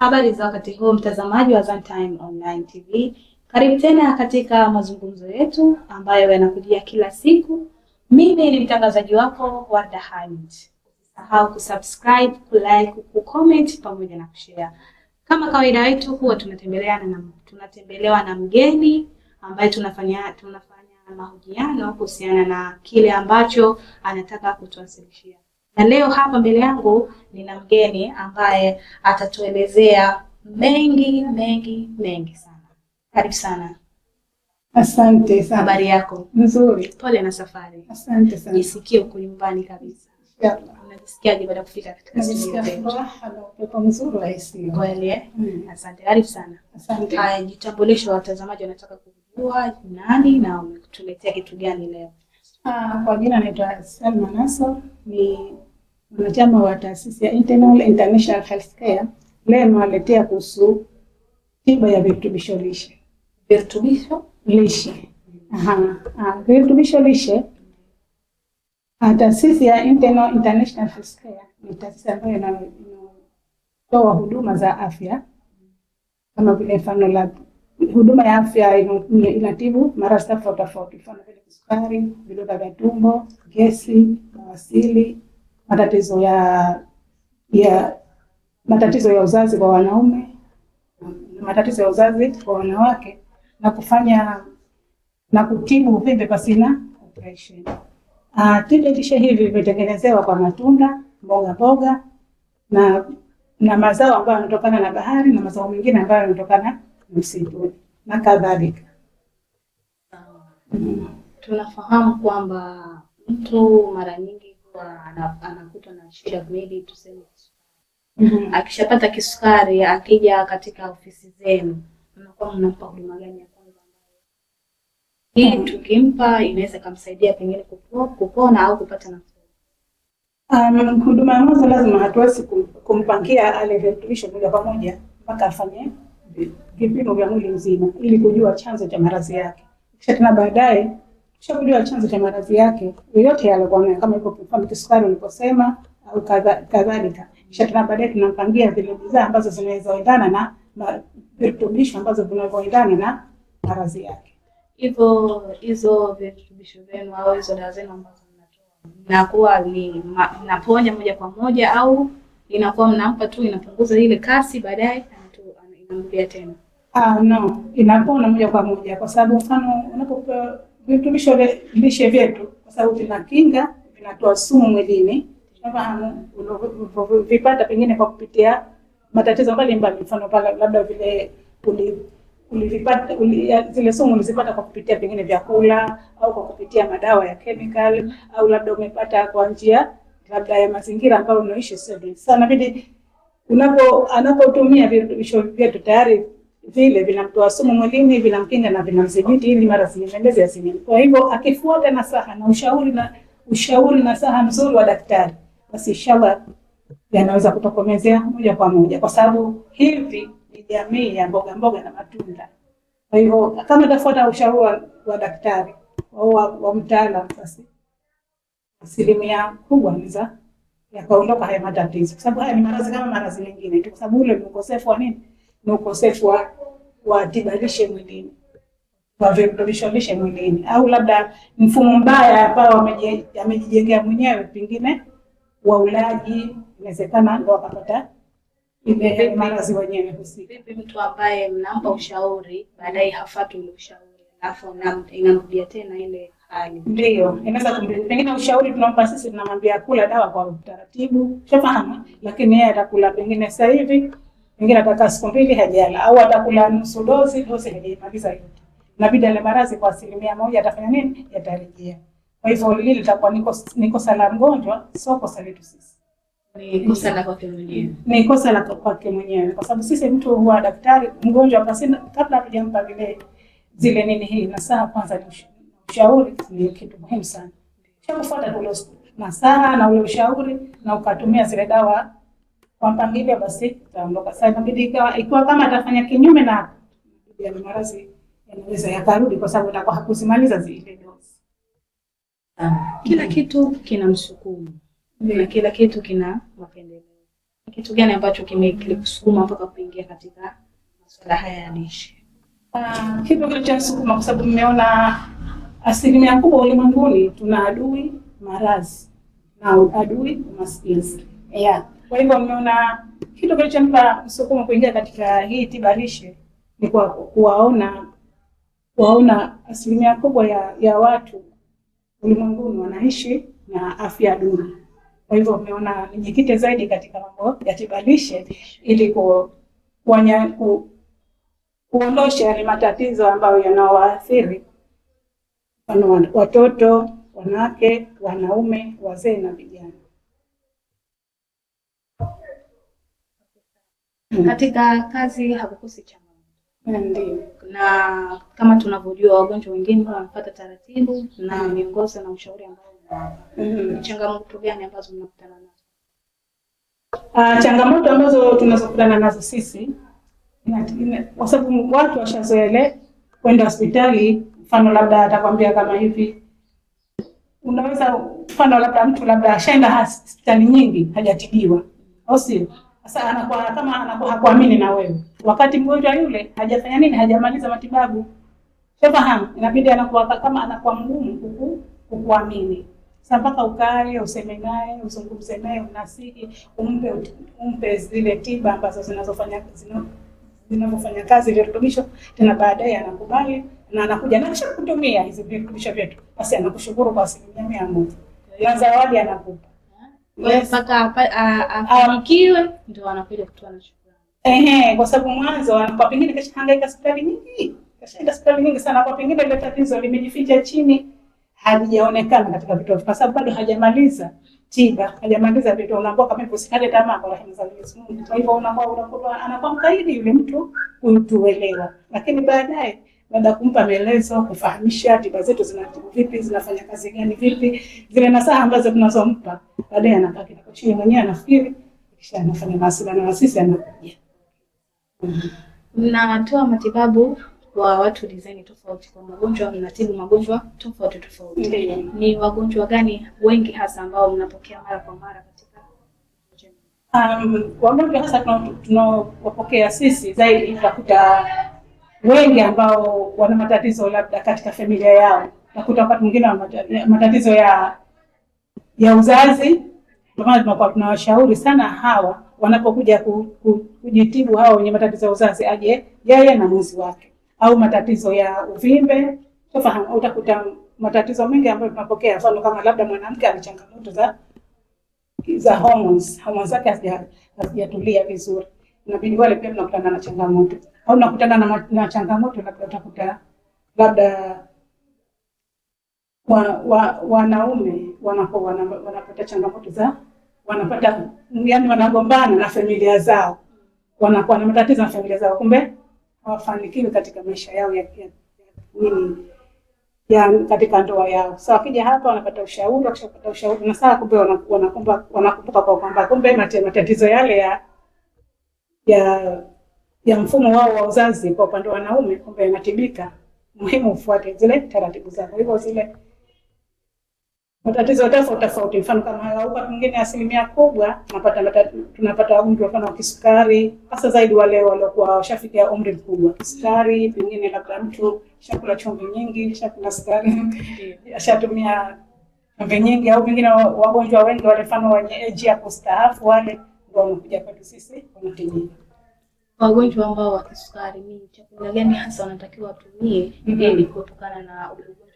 Habari za wakati huu mtazamaji wa Zantime Online TV, karibu tena katika mazungumzo yetu ambayo yanakujia kila siku. Mimi ni mtangazaji wako Warda Hamid. Usisahau kusubscribe, kulike, kucomment pamoja na kushare. Kama kawaida yetu huwa tunatembelea na tunatembelewa na mgeni ambaye tunafanya tunafanya mahojiano kuhusiana na kile ambacho anataka kutuwasilishia. Na leo hapa mbele yangu nina mgeni ambaye atatuelezea mengi mengi mengi sana. Karibu sana. Asante sana. Habari yako? Nzuri. Pole na safari. Asante sana. Jisikie uko nyumbani kabisa. Unajisikiaje baada ya kufika katika studio yetu? Upepo mzuri wa AC. Kweli eh? Mm. Asante. Karibu sana. Asante. Haya, jitambulisho, watazamaji wanataka kujua nani na umetuletea kitu gani leo? Ah, kwa jina naitwa Salma Naso, ni wanachama wa taasisi ya Internal International Healthcare leo nawaletea kuhusu tiba ya virutubisho lishe. Virutubisho lishe. Aha. Ah, virutubisho lishe. Ah, taasisi ya Internal International Healthcare ni taasisi ambayo inatoa huduma za afya kama vile mfano la huduma ya afya inatibu maradhi tofauti tofauti, mfano vile kisukari, vidonda vya tumbo, gesi, mawasili matatizo ya ya matatizo ya uzazi kwa wanaume na matatizo ya uzazi kwa wanawake na kufanya na kutibu uvimbe pasina operation. Ah, tiba lishe hivi vimetengenezewa kwa matunda, mboga mboga na na mazao ambayo yanatokana na bahari na mazao mengine ambayo yanatokana msituni na kadhalika. Mm. Tunafahamu kwamba mtu mara nyingi anakutwa na shida mwili, tuseme kisukari. Mhm. Akishapata kisukari, akija katika ofisi zenu, mnakuwa mnampa huduma gani ya kwanza? Hii mhm. tukimpa inaweza kumsaidia pengine kupona au kupata nafuu. Um, huduma ya mwanzo lazima hatuwezi kumpangia ale virutubisho moja kwa moja mpaka afanye vipimo vya mwili mzima ili kujua chanzo cha maradhi yake, kisha tena baadaye kisha kujua chanzo cha maradhi yake yoyote yale kwa nayo kama ipo kwa kisukari uliposema au kadhalika. Kisha tuna baadaye tunampangia zile bidhaa ambazo zinaweza endana na virutubisho ambazo vinavyoendana na maradhi yake. Hivyo hizo virutubisho vyenu au hizo dawa zenu ambazo mnatoa inakuwa ni mnaponya moja kwa moja au inakuwa mnampa tu inapunguza ile kasi baadaye inarudia tena? Ah, no, inapona moja kwa moja kwa sababu mfano unapopewa virutubisho lishe vyetu, kwa sababu kinga, vinatoa sumu mwilini fahamu ulivyovipata pengine kwa kupitia matatizo mbalimbali, mfano pale labda vile ulivipata zile sumu ulizipata kwa kupitia pengine vyakula au kwa kupitia madawa ya chemical au labda umepata kwa njia labda ya mazingira ambayo unaishi. Sasa inabidi unapo anapotumia virutubisho vyetu tayari vile vinamtoa sumu mwilini, vinamkinga na vinamzibiti ili mara siendeze asini. Kwa hivyo akifuata nasaha na ushauri na ushauri saha mzuri wa daktari, basi inshallah yanaweza kutokomezea moja kwa moja, kwa sababu hivi ni jamii ya mboga mboga na matunda. Kwa hivyo kama tafuata ushauri wa, wa daktari au wa, wa mtaalamu, basi asilimia kubwa niza yakaondoka haya matatizo, kwa sababu haya ni maradhi kama maradhi mengine tu, kwa sababu ule ni ukosefu wa nini na ukosefu wa, wa tiba lishe mwilini wa virutubisho lishe mwilini, au labda mfumo mbaya ambao amejijengea mwenyewe, pengine wa ulaji, inawezekana ndo wakapata ile maradhi wenyewe husika. Vipi mtu ambaye mnampa ushauri baadaye hafuati ule ushauri alafu inamrudia tena ile hali? Ndio, inaweza kumrudia. Pengine ushauri tunampa sisi, tunamwambia kula dawa kwa utaratibu, shafahamu, lakini yeye atakula pengine sasa hivi mwingine atakaa siku mbili hajala, au atakula nusu dozi, dozi hajamaliza yote, inabidi ile maradhi kwa asilimia moja atafanya nini, yatarejea. Kwa hivyo lile litakuwa niko niko sala mgonjwa, sio kosa letu sisi, ni kosa la kwake mwenyewe, ni kosa la kwake mwenyewe, kwa sababu sisi mtu huwa daktari mgonjwa, basi kabla hatujampa vile zile nini hii na saa kwanza, ushauri ni kitu muhimu sana cha kufuata, ule nasaha na ule ushauri na ukatumia zile dawa kwamba hivyo basi tutaondoka. Sasa inabidi ikiwa kama atafanya kinyume na ya maradhi yanaweza yakarudi, kwa sababu itakuwa hakuzimaliza zile dozi. kila kitu kina msukumo na kila kitu kina mapendeleo. Kitu gani ambacho kimekusukuma mpaka kuingia katika masuala haya ya lishe? Ah, kitu kilichonisukuma kwa sababu mmeona asilimia kubwa ulimwenguni tuna adui maradhi na adui umaskini. Yeah. Kwa hivyo mmeona kitu kilichompa msukumo kuingia katika hii tiba lishe ni kwa kuwaona kuwaona asilimia kubwa ya, ya watu ulimwenguni wanaishi na afya duni. Kwa hivyo mmeona nijikite zaidi katika mambo ya tiba lishe ili ku, kuanya, ku, kuondosha yale matatizo ambayo yanawaathiri watoto, wanawake, wanaume, wazee na vijana. Hmm. Katika kazi hakukosi changamoto mm, na kama tunavyojua wagonjwa wengine wanapata taratibu na hmm. miongozo na ushauri ambao mm, changamoto gani ambazo mnakutana nazo? Uh, changamoto ambazo tunazokutana nazo sisi kwa sababu watu washazoele kwenda hospitali, mfano labda atakwambia kama hivi, unaweza mfano labda mtu labda ashaenda hospitali nyingi hajatibiwa, au sio? Sasa anakuwa kama anakuwa hakuamini na wewe, wakati mgonjwa yule hajafanya nini, hajamaliza matibabu. Shafahamu, inabidi anakuwa kama anakuwa mgumu huku kukuamini. Sasa mpaka ukae useme naye, uzungumze naye, unasihi, umpe umpe zile tiba ambazo zinazofanya zinazofanya kazi virutubisho, tena baadaye anakubali na anakuja na kisha kutumia hizo virutubisho vyetu, basi anakushukuru kwa asilimia mia moja na zawadi anakupa mpaka aamkiwe um, ndio anakuja kutoa na shukrani. Ehe, kwa sababu mwanzo anakuwa pengine kashahangaika hospitali nyingi, kashaenda hospitali nyingi sana, kwa pengine ile tatizo limejificha chini, halijaonekana katika vitu, kwa sababu bado hajamaliza tiba, hajamaliza vitu. Unaambiwa kama hivyo, usikate tamaa kwa rehema za Mwenyezi Mungu. Kwa hivyo unakuwa unakuwa anakuwa mkaidi yule mtu kutuelewa, lakini baadaye labda kumpa maelezo, kufahamisha tiba zetu zinatibu vipi, zinafanya kazi gani vipi, zile nasaha ambazo tunazompa. Baadaye anabaki na kochi mwenyewe, anafikiri kisha anafanya mawasiliano na sisi, anakuja. Mnatoa matibabu kwa watu dizaini tofauti, kwa magonjwa mnatibu magonjwa tofauti tofauti. Mm-hmm. Ni wagonjwa gani wengi hasa ambao mnapokea mara kwa mara katika um, wagonjwa hasa tunaopokea sisi zaidi utakuta wengi ambao wana matatizo labda katika familia yao, nakuta wakati mwingine matatizo ya ya uzazi. Ndio maana tunakuwa tunawashauri sana hawa wanapokuja ku, ku, kujitibu hawa wenye matatizo ya uzazi, aje yeye na mwenzi wake, au matatizo ya uvimbe. Tofahamu, utakuta matatizo mengi ambayo tunapokea, mfano kama labda mwanamke ana changamoto za za hormones, hormones zake hazijatulia vizuri, inabidi wale pia tunakutana na changamoto au nakutana na, na changamoto labda utakuta labda wa, wa, wanaume wanapo wanapata changamoto za wanapata yani, wanagombana na familia zao, wanakuwa na matatizo na familia zao, kumbe hawafanikiwi katika maisha yao ya nini ya katika ndoa yao. Sasa wakija hapa wanapata ushauri, wakishapata ushauri na sasa kumbe wanakumbuka kwa kwamba kumbe matatizo yale ya ya ya mfumo wao wa uzazi kwa upande wa wanaume kwamba yanatibika, muhimu ufuate zile taratibu zako. Hivyo zile matatizo tofauti tofauti, mfano kama hapa mwingine, asilimia kubwa tunapata tunapata wagonjwa mfano wa kisukari, hasa zaidi wale waliokuwa washafikia umri mkubwa. Kisukari pengine labda mtu shakula chumvi nyingi, shakula sukari, ashatumia chumvi nyingi, au pengine wagonjwa wengi wale mfano wenye age ya kustaafu, wale ndio wanakuja kwetu sisi wanatibika wagonjwa ambao wa kisukari, ni chakula gani hasa wanatakiwa watumie ili kuepukana na ugonjwa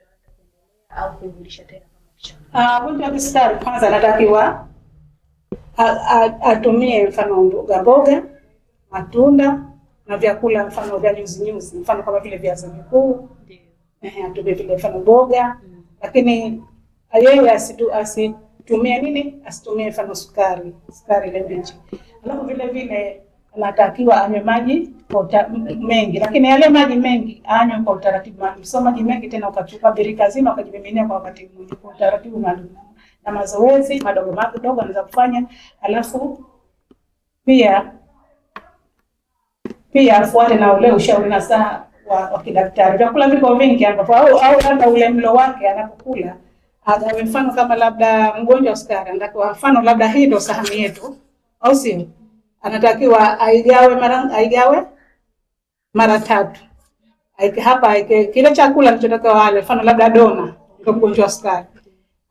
au kurudisha tena? Mgonjwa ah, wa kisukari kwanza anatakiwa atumie mfano mboga mboga, matunda na vyakula mfano vya nyuzi nyuzi, mfano kama vile viazi vikuu, eh, atumie vile mfano boga, mm. lakini yeye asitu asitumie nini, asitumie mfano sukari, sukari ile mbichi, alafu vile vile anatakiwa anywe maji kwa mengi, lakini yale maji mengi anywe kwa utaratibu maalum, sio maji mengi tena ukachukua birika zima ukajimiminia kwa wakati mmoja, kwa utaratibu maalum na mazoezi madogo madogo anaweza kufanya, alafu pia pia afuate na ule ushauri na saa wa, wa kidaktari. Vyakula viko vingi ambapo au au labda ule mlo wake anapokula agawe, mfano kama labda mgonjwa wa sukari anatakiwa, mfano labda hii ndo sahani yetu, au sio? anatakiwa aigawe mara aigawe mara tatu. Aike hapa aike kile chakula anachotakiwa wale, mfano labda dona ndio kunjwa sukari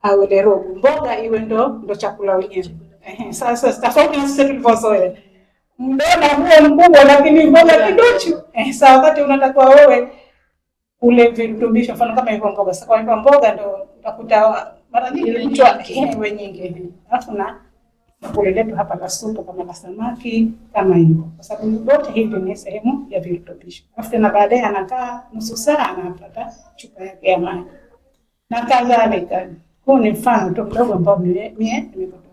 au ile robo mboga iwe ndo ndo chakula wenyewe. Ehe, sasa tofauti na sisi tulivyozoea mdona huo mkubwa, lakini mboga kidogo. Eh, sasa wakati unatakiwa wewe ule virutubisho, mfano kama hivyo mboga. Sasa kwa hivyo mboga ndo utakuta mara nyingi mtu akiwe nyingi alafu na kuleletu hapa la supu kama la samaki kama hivyo, kwa sababu vyote hivi ni sehemu ya virutubisho. Alafu tena baadaye anakaa nusu saa anapata chupa yake ya maji na kadhalika. Huu ni mfano tu mdogo ambao mie nimepata